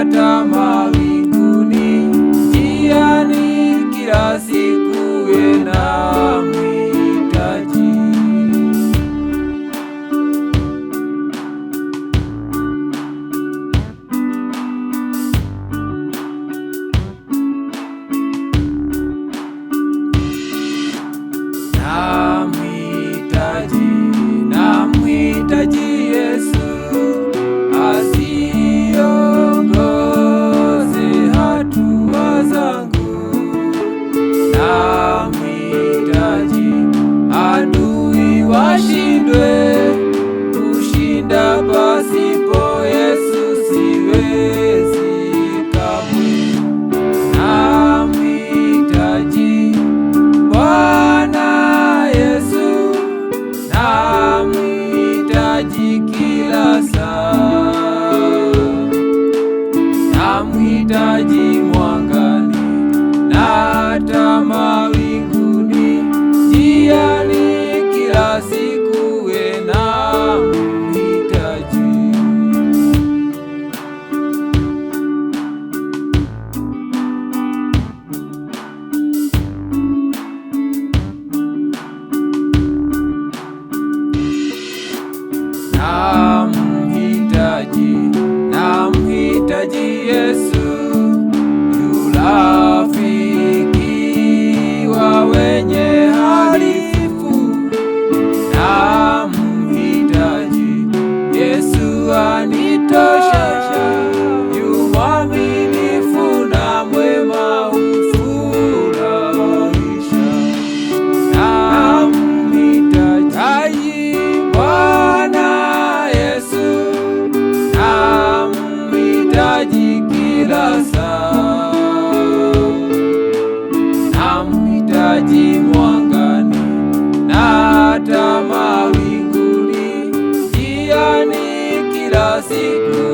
Adama. maji kila saa, namhitaji mwangali na tamawi Jesus. prossigo.